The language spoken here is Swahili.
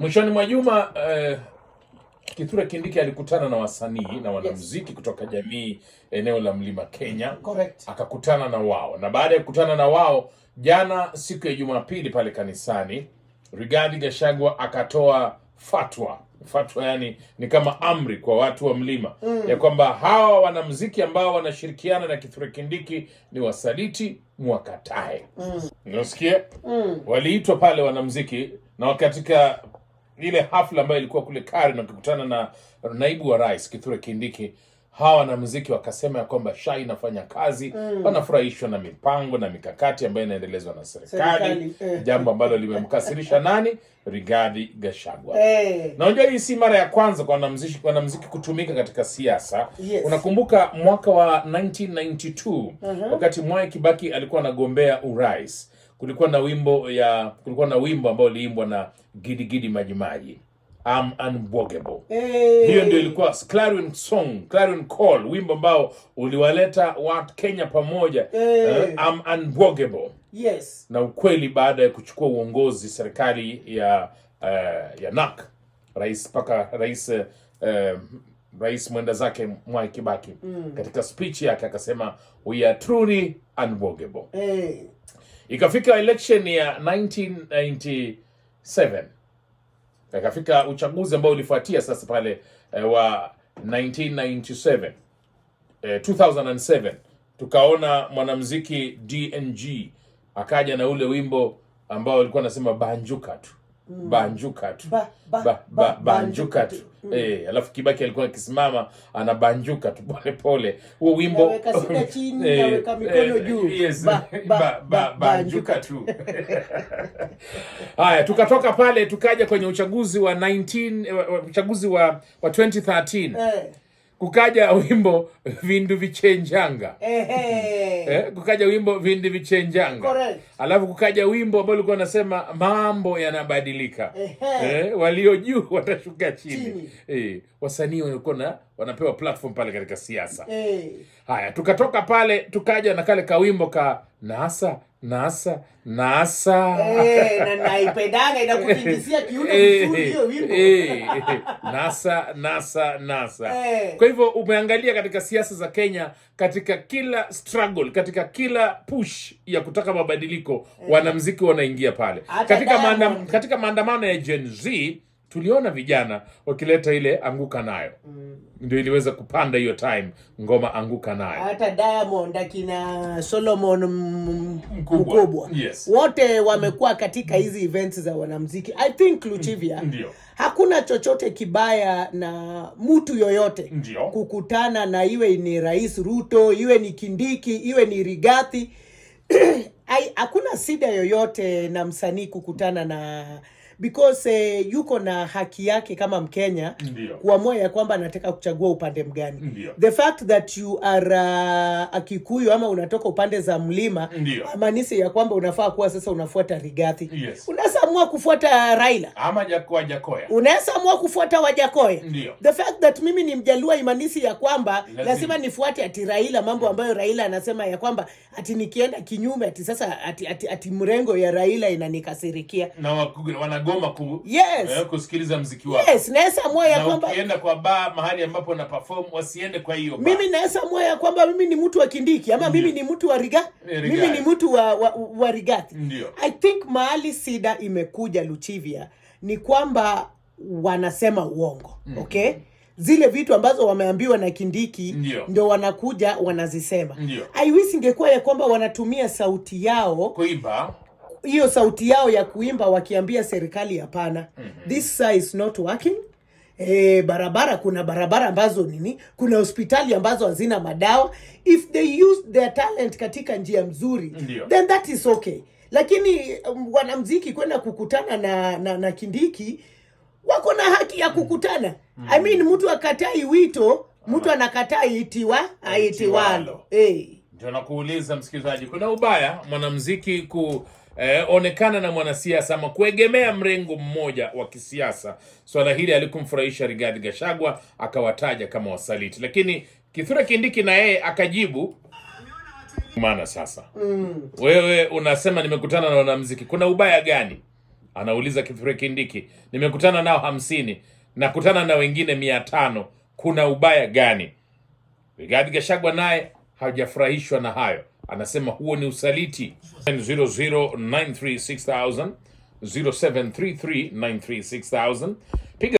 Mwishoni mwa juma eh, Kithure Kindiki alikutana na wasanii na wanamuziki yes, kutoka jamii eneo la Mlima Kenya. Correct. Akakutana na wao na baada ya kukutana na wao jana siku ya Jumapili pale kanisani, Rigathi Gachagua akatoa fatwa. Fatwa yani ni kama amri kwa watu wa mlima mm, ya kwamba hawa wanamuziki ambao wanashirikiana na Kithure Kindiki ni wasaliti, mwakatae. Mm. Unasikia? Mm. Waliitwa pale wanamuziki na katika ile hafla ambayo ilikuwa kule kari na ukikutana na naibu wa rais Kithure Kindiki. Hawa wanamziki wakasema ya kwamba SHA inafanya kazi mm. Wanafurahishwa na mipango na mikakati ambayo inaendelezwa na serikali, eh. jambo ambalo limemkasirisha nani? rigadhi gashagwa hey. Eh. Na hii si mara ya kwanza kwa wanamziki kutumika katika siasa yes. Unakumbuka mwaka wa 1992 uh -huh. Wakati Mwai Kibaki alikuwa anagombea urais kulikuwa na wimbo ya kulikuwa na wimbo ambao uliimbwa na Gidigidi Majimaji, I'm unbogable. Hey. Hiyo ndio ilikuwa clarion song, clarion call, wimbo ambao uliwaleta watu Kenya pamoja. Hey. Uh, I'm unbogable. Yes. Na ukweli baada ya kuchukua uongozi serikali ya uh, ya NAK rais paka rais uh, rais mwenda zake Mwai Kibaki mm. Katika speech yake akasema we are truly unbogable. Hey. Ikafika election ya 1997 ikafika uchaguzi ambao ulifuatia sasa pale eh, wa 1997 eh, 2007 tukaona mwanamuziki DNG akaja na ule wimbo ambao alikuwa anasema banjuka tu Mm. banjuka tu ba, ba, ba, ba, banjuka tu mm. E, alafu Kibaki alikuwa akisimama anabanjuka tu pole pole, huo wimbo chini eh, eh, mikono juu banjuka tu haya tukatoka pale tukaja kwenye uchaguzi wa 19 uchaguzi wa, wa 2013 eh kukaja wimbo vindu vichenjanga eh, hey. Eh, kukaja wimbo vindu vichenjanga Correct. Alafu kukaja wimbo ambao ulikuwa unasema mambo yanabadilika eh, hey. Eh, walio juu watashuka chini eh, wasanii walikuwa wanapewa platform pale katika siasa eh. Haya, tukatoka pale tukaja na kale kawimbo ka NASA Nasa nasa eh, naipendaga kiuno eh, hiyo eh, nasa nasa nasa Kwa hivyo umeangalia katika siasa za Kenya, katika kila struggle, katika kila push ya kutaka mabadiliko Wanamziki wanaingia pale katika maandamano, katika maandamano ya Gen Z tuliona vijana wakileta ile anguka nayo mm. Ndio iliweza kupanda hiyo time ngoma anguka nayo, hata Diamond akina Solomon mkubwa, Yes. Wote wamekuwa katika hizi events za wanamziki I think mm, hakuna chochote kibaya na mtu yoyote Ndiyo. kukutana na, iwe ni Rais Ruto, iwe ni Kindiki, iwe ni Rigathi hakuna sida yoyote na msanii kukutana na because uh, yuko na haki yake kama Mkenya Ndiyo. kuamua ya kwamba anataka kuchagua upande mgani Ndiyo. the fact that you are uh, Akikuyu ama unatoka upande za mlima amanisi ya kwamba unafaa kuwa sasa unafuata Rigathi yes amua kufuata Raila ama Jakoya, unaweza amua kufuata Wajakoya. Ndio. The fact that mimi ni mjalua imanisi ya kwamba lazima nifuate ati Raila, mambo mm. ambayo Raila anasema ya kwamba ati nikienda kinyume ati sasa ati, ati, ati mrengo ya Raila inanikasirikia na wanagoma ku, yes. Eh, kusikiliza mziki wako. Yes, naweza amua ya kwamba ukienda kwa bar mahali ambapo na perform wasiende kwa hiyo bar. Mimi naweza amua ya kwamba mimi ni mtu wa Kindiki ama Ndiyo. mimi ni mtu wa Riga, eh, Mimi ni mtu wa, wa, wa Rigathi. Ndio. I think mahali sida ime tumekuja Luchivia ni kwamba wanasema uongo mm -hmm. Okay, zile vitu ambazo wameambiwa na Kindiki ndio wanakuja wanazisema. Aiwisi ingekuwa ya kwamba wanatumia sauti yao kuimba hiyo sauti yao ya kuimba wakiambia serikali hapana, mm -hmm. this is not working E, barabara kuna barabara ambazo nini, kuna hospitali ambazo hazina madawa. If they use their talent katika njia mzuri, Ndiyo. then that is okay lakini um, wanamziki kwenda kukutana na, na, na Kindiki wako na haki ya kukutana mm. I mean mtu akatai wito, mtu anakataa itiwa aitiwalo. ndio nakuuliza msikilizaji, kuna ubaya mwanamziki ku Eh, onekana na mwanasiasa ama kuegemea mrengo mmoja wa kisiasa. Swala hili alikumfurahisha Rigathi Gachagua akawataja kama wasaliti, lakini Kithure Kindiki na yeye akajibu mnasukumana sasa. Mm. Wewe unasema nimekutana na wanamziki kuna ubaya gani? Anauliza Kithure Kindiki, nimekutana nao hamsini, nakutana na wengine mia tano, kuna ubaya gani? Rigathi gashagwa naye hajafurahishwa na hayo, anasema huo ni usaliti. 00936000 0733936000 piga